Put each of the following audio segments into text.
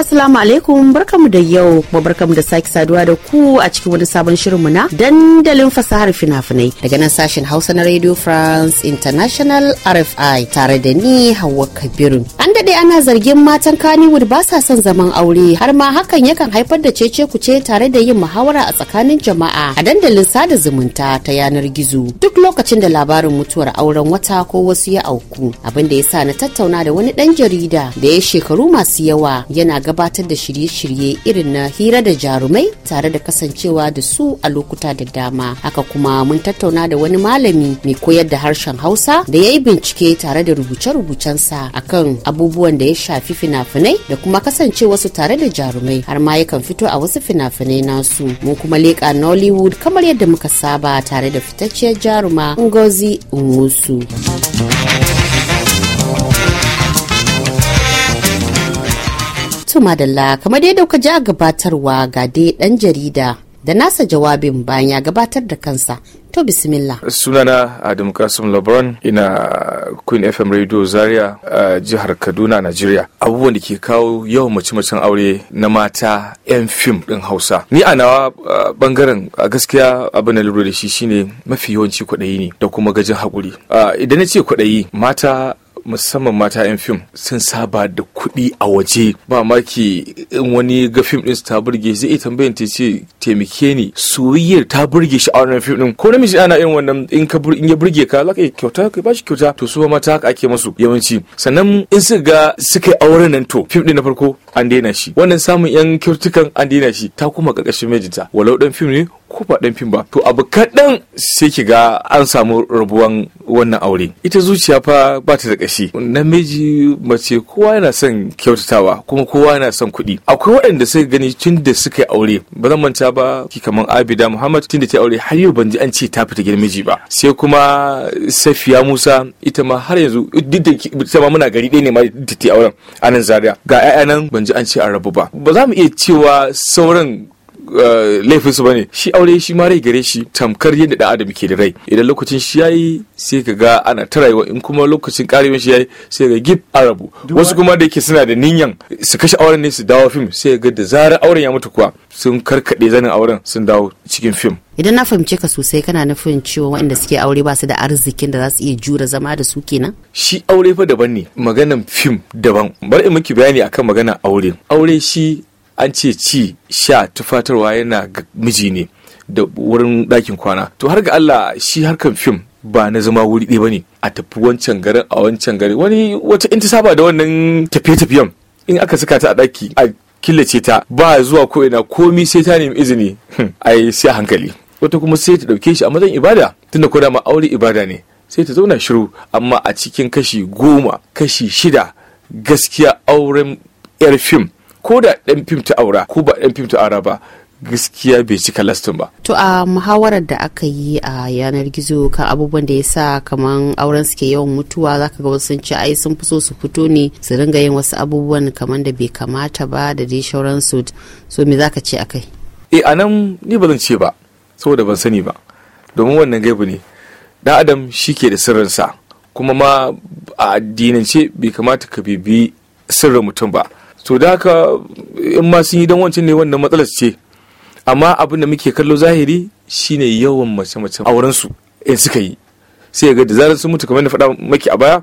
assalamu alaikum barkamu da yau kuma barkamu da sake saduwa da ku a cikin wani sabon shirinmu na dandalin fasahar fina-finai daga nan sashen Hausa na Radio France International RFI tare da ni Hauwa Kabiru. An daɗe ana zargin matan Kannywood ba sa son zaman aure har ma hakan yakan haifar da cece kuce tare da yin muhawara a tsakanin jama'a a dandalin sada zumunta ta yanar gizo duk lokacin da labarin mutuwar auren wata ko wasu ya auku abin da ya sa na tattauna da wani ɗan jarida da ya shekaru masu yawa yana gabatar da shirye-shirye irin na hira da jarumai tare da kasancewa da su a lokuta da dama haka kuma mun tattauna da wani malami mai koyar da harshen hausa da ya yi bincike tare da rubuce-rubucensa akan abubuwan da ya shafi fina-finai da kuma kasancewarsu tare da jarumai har ma yakan fito a wasu fina-finai nasu mun kuma leƙa nollywood kamar yadda muka saba tare da fitacciyar jaruma ngozi unwusu. To madalla kamar dai dauka ja gabatarwa ga dai dan jarida da nasa jawabin bayan ya gabatar da kansa to bismillah sunana adam kasim lebron ina queen fm radio zaria a jihar kaduna Najeriya. abubuwan da ke kawo yawan mace-macen aure na mata 'yan fim ɗin hausa ni a nawa bangaren a gaskiya abin da lura da shi shine mafi yawanci kwaɗayi ne da kuma gajin haƙuri idan na ce kwaɗayi mata musamman mata 'yan fim sun saba da kuɗi a waje ba maki in wani ga fim ɗin ta burge zai iya tambayin ta ce taimake ni soyayyar ta burge shi a wannan fim ɗin ko namiji ana irin wannan in ka in ya burge ka za ka yi kyauta ka ba shi kyauta to su mata haka ake masu yawanci sannan in suka ga suka yi auren nan to fim ɗin na farko an daina shi wannan samun 'yan kyautukan an daina shi ta kuma ƙarƙashin mijinta walau ɗan fim ne ko ba dan fim ba to abu kaɗan sai ki ga an samu rabuwan wannan aure ita zuciya fa ba ta da ƙashi namiji mace kowa yana son kyautatawa kuma kowa yana son kuɗi akwai waɗanda sai gani tun da suka yi aure ba zan manta ba ki kamar abida muhammad tun da ta aure har yau ban ji an ce ta fita gidan miji ba sai kuma safiya musa ita ma har yanzu duk da ita ma muna gari ɗaya ne ma da ta auren anan zaria ga 'ya'ya nan ban ji an ce an rabu ba ba za mu iya cewa sauran Eh, laifin su bane shi aure shi ma rai gare shi tamkar yadda da adam ke da rai idan lokacin shi yayi sai ka ga ana ta rayuwa in kuma lokacin karewa shi yayi sai ga gib arabu wasu kuma da yake suna da niyyar su kashe auren ne su dawo fim sai ga da zarar auren ya mutu kuwa sun karkade zanin auren sun dawo cikin fim idan na fahimce ka sosai kana nufin cewa waɗanda suke aure ba su da arzikin da za su iya jura zama da su kenan shi aure fa daban ne maganan fim daban bari in miki bayani akan maganan aure aure shi an ce ci sha tufatarwa yana ga miji ne da wurin ɗakin kwana to har ga Allah shi harkan fim ba na zama wuri ɗaya bane a tafi wancan garin a wancan garin wani wata saba da wannan tafiye-tafiyen in aka saka ta a ɗaki a killace ta ba zuwa ko ina komi sai ta nemi izini hmm, ai sai hankali wata kuma sai ta ɗauke shi a matsayin ibada tunda ko da ma aure ibada ne sai ta zauna shiru amma a cikin kashi goma kashi shida gaskiya auren yar fim ko da ɗan fim ta aura ko ba ɗan fim ta aura ba gaskiya bai cika lastin ba. To a muhawarar da aka yi a yanar gizo kan abubuwan da ya sa kamar auren suke yawan mutuwa zaka ga wasu ce ai sun fi so su fito ne su ringa yin wasu abubuwan kamar da bai kamata ba da dai sauransu so me za ka ce akai? kai. Eh, a nan ni ba zan ce ba saboda ban sani ba domin wannan gaibu ne dan adam shi ke da sirrinsa kuma ma a addinance bai kamata ka bibi sirrin mutum ba. to da haka in ma sun yi dan wancan ne wannan matsalar ce amma abin da muke kallo zahiri shine yawan mace a wurin su in suka yi sai ga da zarar sun mutu kamar na faɗa maki a baya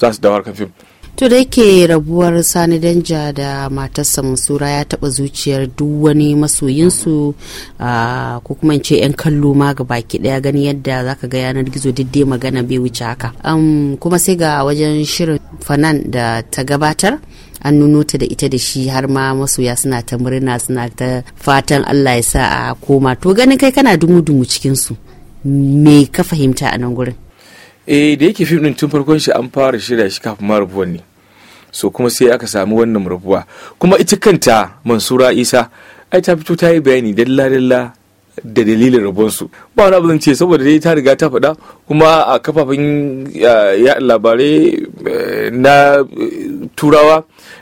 za su dawo kan fim to da yake rabuwar sani danja da matarsa musura ya taba zuciyar duk wani masoyinsu ko kuma in ce yan kallo ma ga baki daya gani yadda zaka ga yanar gizo diddai magana bai wuce haka kuma sai ga wajen shirin fanan da ta gabatar an nuno ta da ita da shi har ma masoya suna ta murna suna ta fatan Allah ya sa a koma to ganin kai kana dumu-dumu cikin su me ka fahimta a nan gurin eh da yake fim din tun farkon shi an fara shirya shi kafin ma rubuwan ne so kuma sai aka samu wannan rubuwa kuma ita kanta Mansura Isa ai ta fito ta yi bayani dalla-dalla da dalilin su ba wani abu zan ce saboda dai ta riga ta faɗa kuma a kafafen labarai eh, na eh, turawa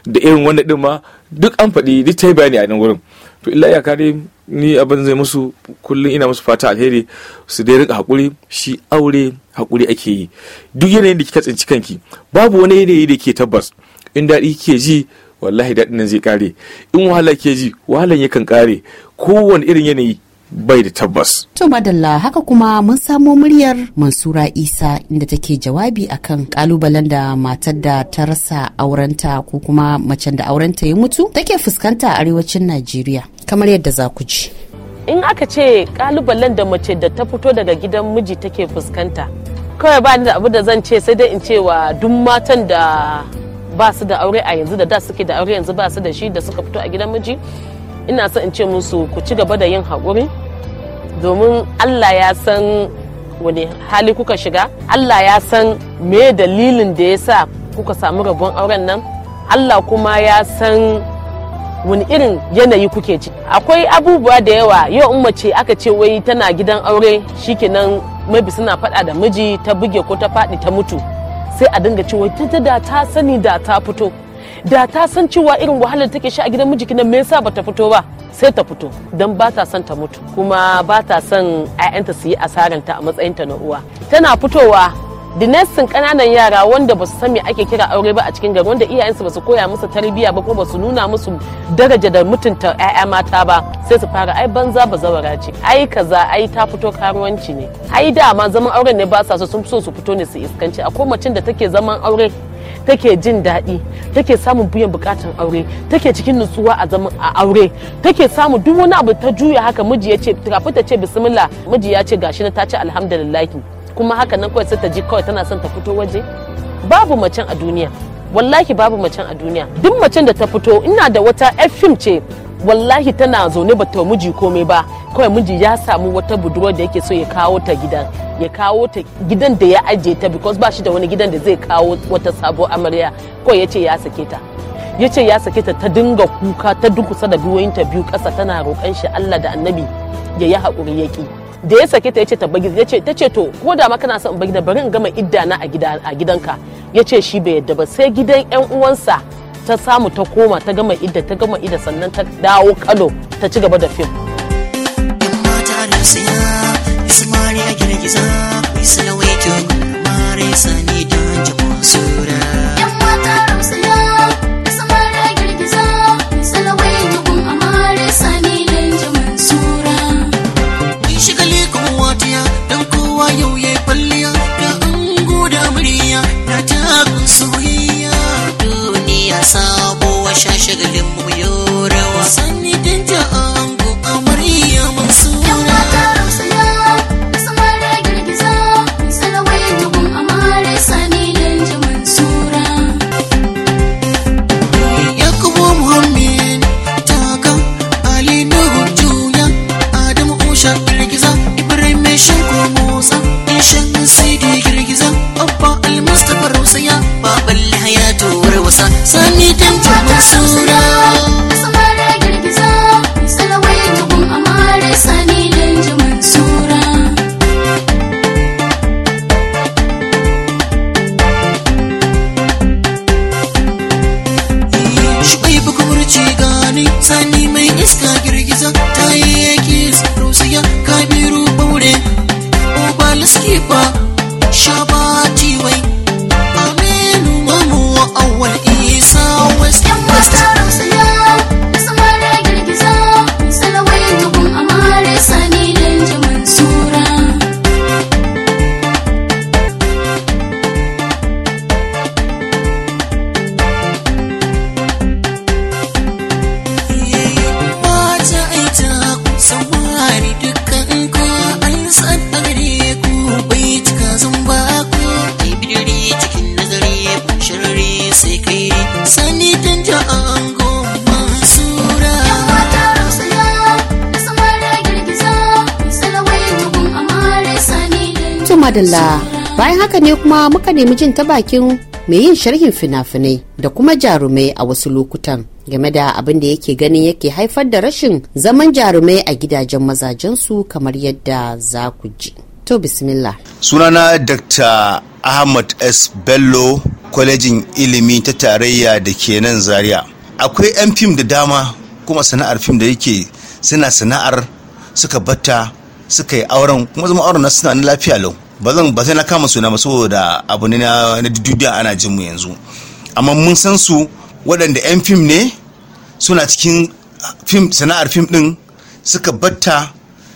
da irin wanda din ma duk an faɗi duk ta yi bayani a nan wurin to illa ya kare ni abin zai musu kullum ina musu fata alheri su dai rika haƙuri shi aure haƙuri ake yi duk yanayin da kika tsinci kanki babu wani yanayi da ke tabbas in daɗi ke ji wallahi daɗin nan zai kare in wahala ke ji wahalan yakan kare kowane irin yanayi bai da tabbas. To madalla haka kuma mun samo muryar Mansura Isa inda take jawabi akan kalubalen da matar da ta rasa aurenta ko kuma macen da aurenta ya mutu take fuskanta a arewacin Najeriya kamar yadda za ku ji. In aka ce kalubalen da mace da ta fito daga gidan miji take fuskanta kawai ba da abu da zan ce sai dai in ce wa duk matan da ba su da aure a yanzu da da suke da aure yanzu ba su da shi da suka fito a gidan miji ina son in ce musu ku ci gaba da yin haƙuri domin allah ya san wani hali kuka shiga allah ya san me dalilin da ya sa kuka samu rabon auren nan allah kuma ya san wani irin yanayi kuke ci akwai abubuwa da yawa yau in mace aka ce wai tana gidan aure shikenan mabi suna faɗa da miji ta buge ko ta faɗi ta mutu sai a dinga cewa ta da ta sani da ta fito da ta san cewa irin wahalar take sha a gidan miji nan me yasa bata fito ba sai ta fito dan ba ta son ta mutu kuma ba ta son 'ya'yanta su yi ta a matsayin ta na uwa tana fitowa dinestin kananan yara wanda ba su san me ake kira aure ba a cikin gari wanda iyayensu ba su koya musu tarbiyya ba ko ba su nuna musu daraja da mutunta 'ya'ya mata ba sai su fara ai banza ba zawara ce ai kaza ai ta fito karuwanci ne ai dama zaman auren ne ba sa so sun su fito ne su iskanci akwai macin da take zaman aure take jin daɗi take samun biyan bukatan aure take cikin nutsuwa a zaman a aure take samun duk wani abu ta juya haka miji ya ce kafin ta ce bismillah miji ya ce gashi na ta ce alhamdulillah kuma haka nan kawai sai ta ji kawai tana son ta fito waje babu macen a duniya wallahi babu macen a duniya duk macen da ta fito ina da wata fim ce wallahi tana zaune ba ta miji komai ba kawai miji ya samu wata budurwa da yake so ya kawo ta gidan ya kawo ta gidan da ya ajiye ta because ba shi da wani gidan da zai kawo wata sabo amarya kawai ya ce ya sake ta ya ya sake ta ta dinga kuka ta dukusa da biyoyin ta biyu kasa tana roƙan shi Allah da annabi ya yi haƙuri ya da ya sake ta ya ce ta ya ce ta ce to ko da ma kana son bagi da bari in gama idda na a gidanka ya ce shi bai yadda ba sai gidan 'yan uwansa ta samu ta koma ta gama idda ta gama idda sannan ta dawo kano ta ci gaba da fim Ismari a madalla bayan haka ne kuma muka nemi jin ta bakin mai yin sharhin fina-finai da kuma jarumai a wasu lokutan game da abin da yake ganin yake haifar da rashin zaman jarumai a gidajen mazajensu kamar yadda za ku ji. To bismillah. Sunana Dr. Ahmad S. Bello, kwalejin ilimi ta tarayya da ke nan Zaria. Akwai 'yan fim da dama kuma sana'ar fim da yake suna sana'ar suka batta suka yi auren kuma zama auren na suna na lafiya lau. ba zan ba na kama suna ba saboda abu ne na dubiya ana jin mu yanzu amma mun san su waɗanda 'yan fim ne suna cikin fim sana'ar fim ɗin suka batta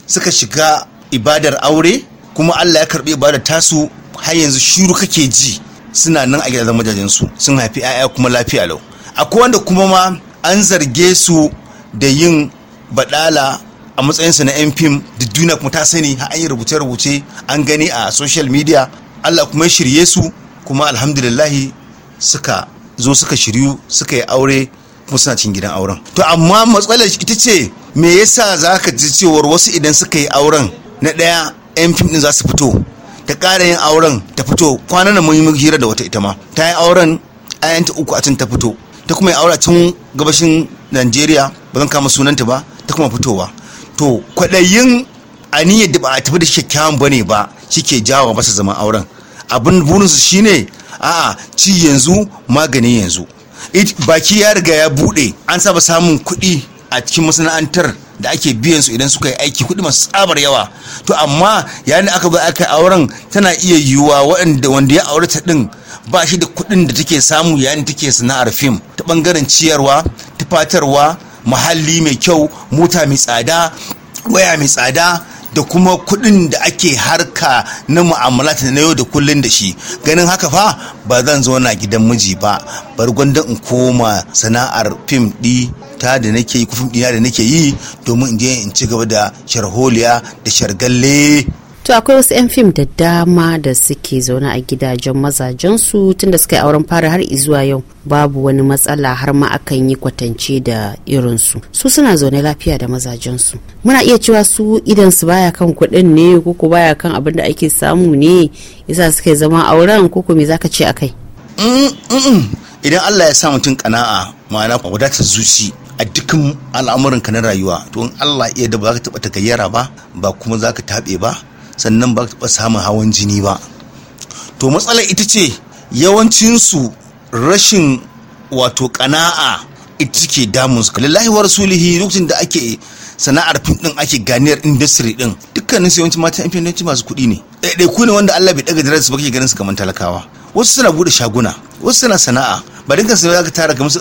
suka shiga ibadar aure kuma Allah ya karɓi ibadar tasu har yanzu shiru kake ji suna nan a gidajen su sun haifi 'ya'ya kuma lafiya lau akwai wanda kuma ma an zarge su da yin baɗala. a matsayinsa na yan fim didduna kuma ta sani har an yi rubuce-rubuce an gani a social media allah kuma ya shirye su kuma alhamdulillahi suka zo suka shiryu suka yi aure kuma suna cin gidan auren to amma matsalar ita ce me yasa za ka ji cewar wasu idan suka yi auren na ɗaya yan fim ɗin za su fito ta ƙara yin auren ta fito kwanan nan mun hira da wata ita ma ta yi auren ayanta uku a tun ta fito ta kuma yi aura tun gabashin najeriya ba zan kama sunanta ba ta kuma fitowa to kwaɗayin aniyar da ba a tafi da kyakkyawan ba ne ba shike jawo masa zaman auren abin burinsu shine a'a ci yanzu magani yanzu baki ya riga ya buɗe an saba samun kuɗi a cikin masana'antar da ake biyan su idan suka yi aiki kuɗi masu tsabar yawa to amma yayin da aka zo aka auren tana iya yiwuwa waɗanda wanda ya aure ta ɗin ba shi da kuɗin da take samu yayin da take sana'ar fim ta ɓangaren ciyarwa tufatarwa muhalli mai kyau mota mai tsada waya mai tsada da kuma kuɗin da ake harka na ta na yau da kullun da shi ganin haka fa ba zan zauna gidan miji ba bar gwanda in koma sana'ar fim ɗi ta da nake yi kufin ɗina da nake yi domin in je in ci gaba da sharholiya da shargalle to akwai wasu 'yan fim da dama da suke zaune a gidajen mazajensu tunda suka yi auren fara har izuwa yau babu wani matsala har ma akan yi kwatance da irinsu su suna zaune lafiya da mazajensu muna iya cewa su idan su baya kan kuɗin ne ko baya kan abin da ake samu ne yasa suka zama auren ko me zaka ce akai mm, mm, mm. idan Allah ya sa mutum kana'a ma'ana wadatar zuci a dukkan al'amuranka na rayuwa to in Allah ya da ba za ka taɓa gayyara ba ba kuma za ka taɓe ba sannan ba taɓa samun hawan jini ba to matsalar ita ce yawancin su rashin wato ƙana'a ita ke damun su lallahi wa rasulihi lokacin da ake sana'ar fim din ake ganiyar industry din dukkanin su yawancin yan infinity masu kuɗi ne ku ne wanda Allah bai daga darajar su ba kake ganin su kamar talakawa wasu suna bude shaguna wasu suna sana'a ba dinka sai za ka tara musu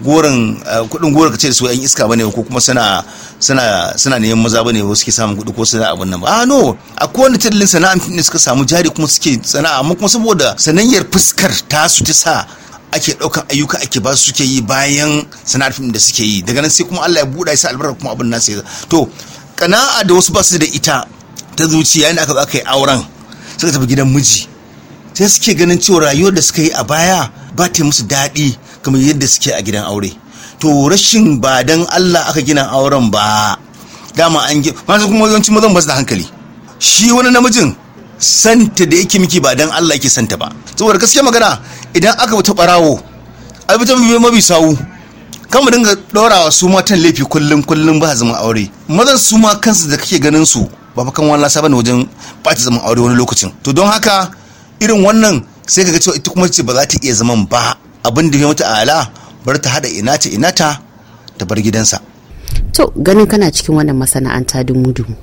gorin kuɗin gorin ka ce su yan iska bane ko kuma suna suna suna neman maza bane wasu ke samun kuɗi ko suna abun nan ba ah, a no ko wani tattalin sana'a ne suka samu jari kuma suke sana'a amma kuma saboda sanayyar fuskar ta su ta sa ake ɗaukan ayyuka ake ba su suke yi bayan sana'ar fim da suke yi daga nan sai kuma Allah ya buɗa sa albarka kuma abin nasa to kana'a da wasu basu da ita ta zuciya inda aka aka yi auren suka tafi gidan miji sai suke ganin cewa rayuwar da suka yi a baya ba ta musu daɗi kamar yadda suke a gidan aure to rashin ba dan Allah aka gina auren ba dama an gi su kuma yawancin mazan ba su da hankali shi wani namijin santa da yake miki ba dan Allah yake santa ba saboda gaskiya magana idan aka ta barawo ai bi mabi sawu kan mu dinga ɗorawa su matan laifi kullum kullum ba zaman aure mazan su ma kansu da kake ganin su ba fa kan wani lasa bane wajen ɓaci zaman aure wani lokacin to don haka irin wannan sai ka ga cewa ita kuma ce ba za ta iya zaman ba abin da ya mata ala bar ta haɗa ina ta ina ta ta bar gidansa to ganin kana cikin wannan masana'anta dumu-dumu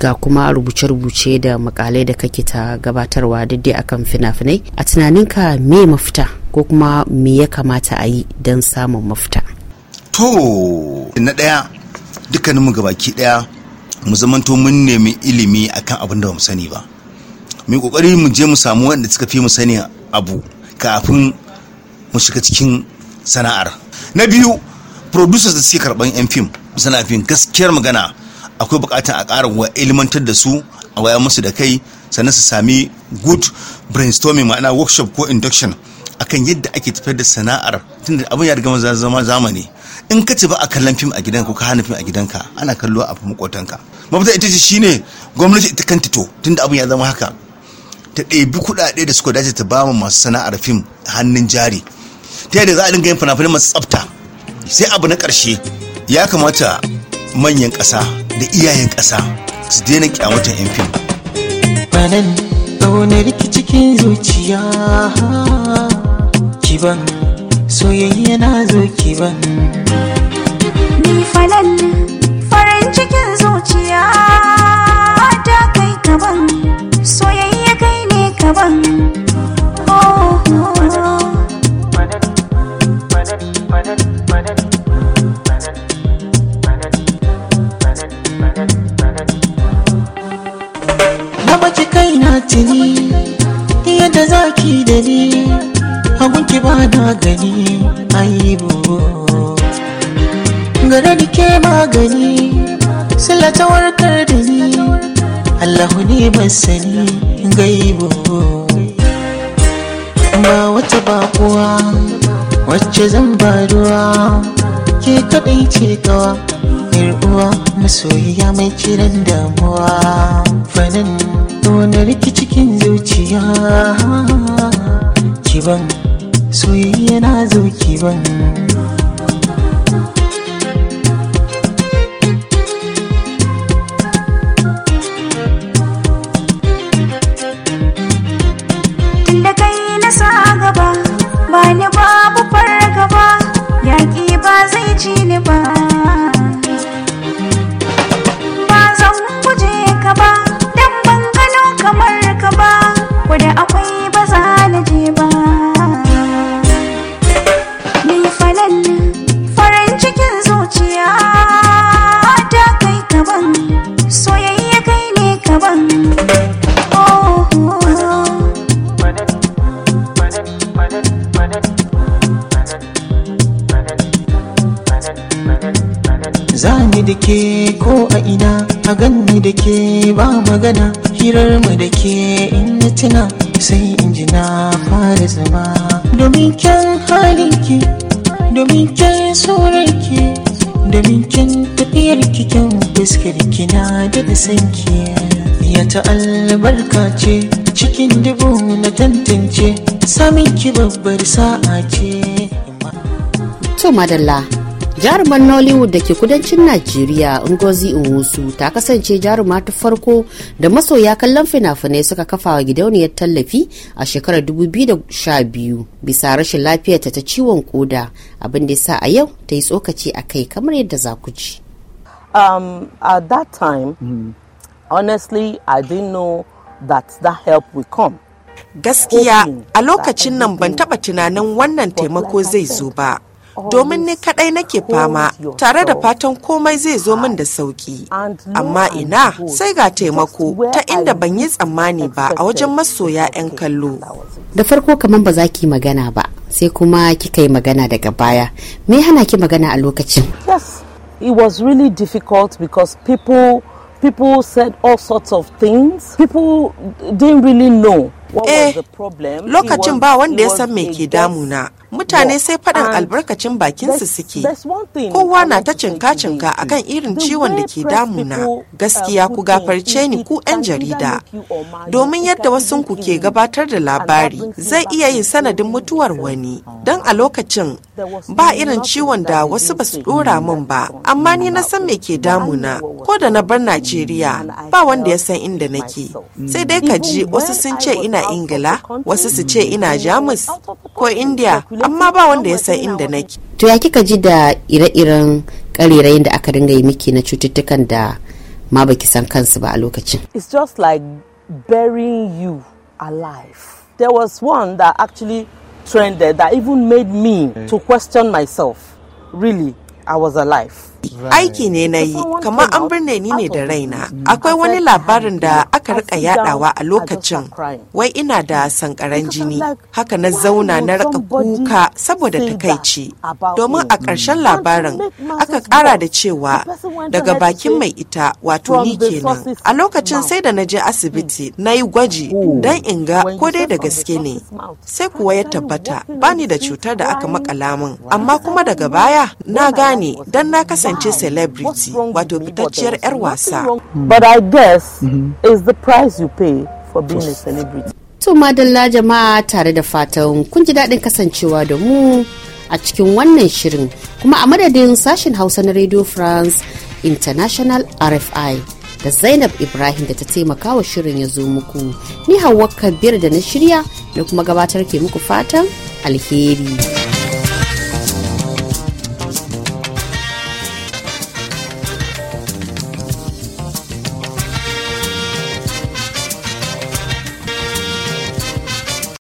ga kuma rubuce-rubuce da makalai da kake ta gabatarwa dai akan fina-finai a tunaninka me mafita ko kuma me ya kamata a yi don samun mafita to na ɗaya dukkaninmu gabaki ɗaya mu zamanto mun nemi ilimi akan abin da ba mu sani ba mu kokari mu je mu samu wanda suka fi mu sani abu kafin mu shiga cikin sana'ar na biyu producers da suke karban yan fim suna fim gaskiyar magana akwai bukatar a ƙara wa ilimantar da su a waya musu da kai sannan su sami good brainstorming ma'ana workshop ko induction akan yadda ake tafiyar da sana'ar tunda abin ya riga maza zama zamani in ka ci ba a kallon fim a gidanka ko ka hana fim a gidanka ana kallo a ka. mafita ita ce shine gwamnati ita kanta to tunda abin ya zama haka ta ɗebi kuɗaɗe da suka dace ta bama masu sana'ar fim hannun jari ta yadda za a dinga yin fina-finai masu tsafta sai abu na ƙarshe ya kamata manyan ƙasa da iyayen ƙasa su daina kyamatan 'yan fim. Banan, cikin zuciya. ki ba soyayya na zo ni falal farin cikin zuciya ta kai kaban soyayya kai ne kaban ba na gani aibu gare ni ke magani sila ta warkar da ni allahu ne ban sani gaibu ba wata bakuwa wacce zan ba ruwa ke kaɗai ce kawa uwa masoyiya mai kiran damuwa fanin wani rikici cikin zuciya kiban soyayya yana zuki ba magana hirar mu da ke in tuna sai in ji na fara zama domin kyan halinki domin kyan surarki domin kyan tafiyar kyan fuskar kina da da sanki ya ta albarka ce cikin dubu na tantance saminki ki babbar sa'a ce to madalla jaruman nollywood da ke kudancin najeriya ngozi uwusu ta kasance jaruma ta farko da masoya kallon fina-finai suka kafa wa gidauniyar tallafi a shekarar 2012 bisa rashin lafiyarta ta ciwon koda abin da sa a yau ta yi tsokaci a kai kamar yadda za ku ji gaskiya a lokacin nan ban taba tunanin wannan taimako zai zo ba domin ni kaɗai nake fama tare da fatan komai zai zo min da sauƙi. Amma ina sai ga taimako ta inda ban yi tsammani ba a wajen masoya 'yan kallo. Da farko kamar ba za ki magana ba, sai kuma kika yi magana daga baya. Me hana ki magana a lokacin? Yes, it was really difficult because people people said all sorts of things. People didn't really know eh lokacin ba wanda ya san me ke damuna mutane sai faɗin albarkacin bakinsu suke kowa na ta cinka-cinka akan irin ciwon da ke na. Uh, gaskiya ku gafarce ni ku 'yan jarida domin yadda wasu ku ke gabatar da labari zai iya yin sanadin mutuwar wani uh-huh. don a lokacin ba irin ciwon da wasu ba su ɗora min ba amma ni na san me ke na, ko da na bar najeriya mm. ba wanda ya san inda nake sai dai ka ji wasu sun ce ina ingila wasu su ce ina jamus ko indiya amma ba wanda ya san inda nake to ya kika ji da ire-iren karerayin da aka dinga yi miki na cututtukan da ma baki san kansu ba a lokacin it's just like burying you alive there was one that actually trended that even made me to mm. question myself really i was alive aiki ne na yi kamar an birne ni ne da raina akwai wani labarin da aka rika yadawa a lokacin wai ina da sankaran jini haka na zauna na rika kuka saboda takaici domin a ƙarshen labarin aka ƙara da cewa daga bakin mai ita wato ni kenan a lokacin sai da na je hmm. asibiti na yi gwaji don in ga ko dai da gaske ne sai kuwa ya tabbata bani da cutar da aka makala min amma kuma daga baya na gane don na kasance kasance celebrity wato fitacciyar 'yar wasa. But I guess mm -hmm. is the price you pay for being a celebrity. To madalla jama'a tare da fatan kun ji daɗin kasancewa da mu a cikin wannan shirin kuma a madadin sashen Hausa na Radio France International RFI da Zainab Ibrahim da ta taimaka wa shirin ya zo muku. Ni Hauwa Kabir da na shirya da kuma gabatar ke muku fatan alheri.